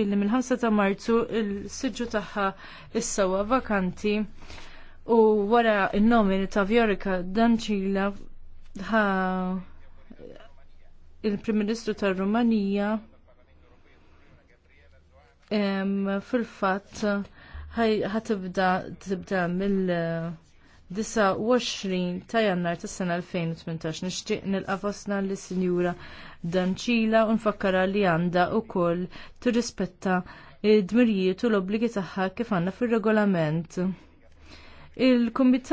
illi mill-5 ta' marzu il-sidġu tagħha issawa vakanti u wara il-nomini ta' Vjorika Danċila ħa il-Prim Ministru tar rumanija fil-fatt ħatibda tibda mill- 29 ta' jannar tas sena 2018 nixtieq nilqa' fostna li sinjura Danċila u nfakkara li għandha wkoll tirrispetta d dmirijiet u l obbligi tagħha kif għandna fir-regolament. il kumitat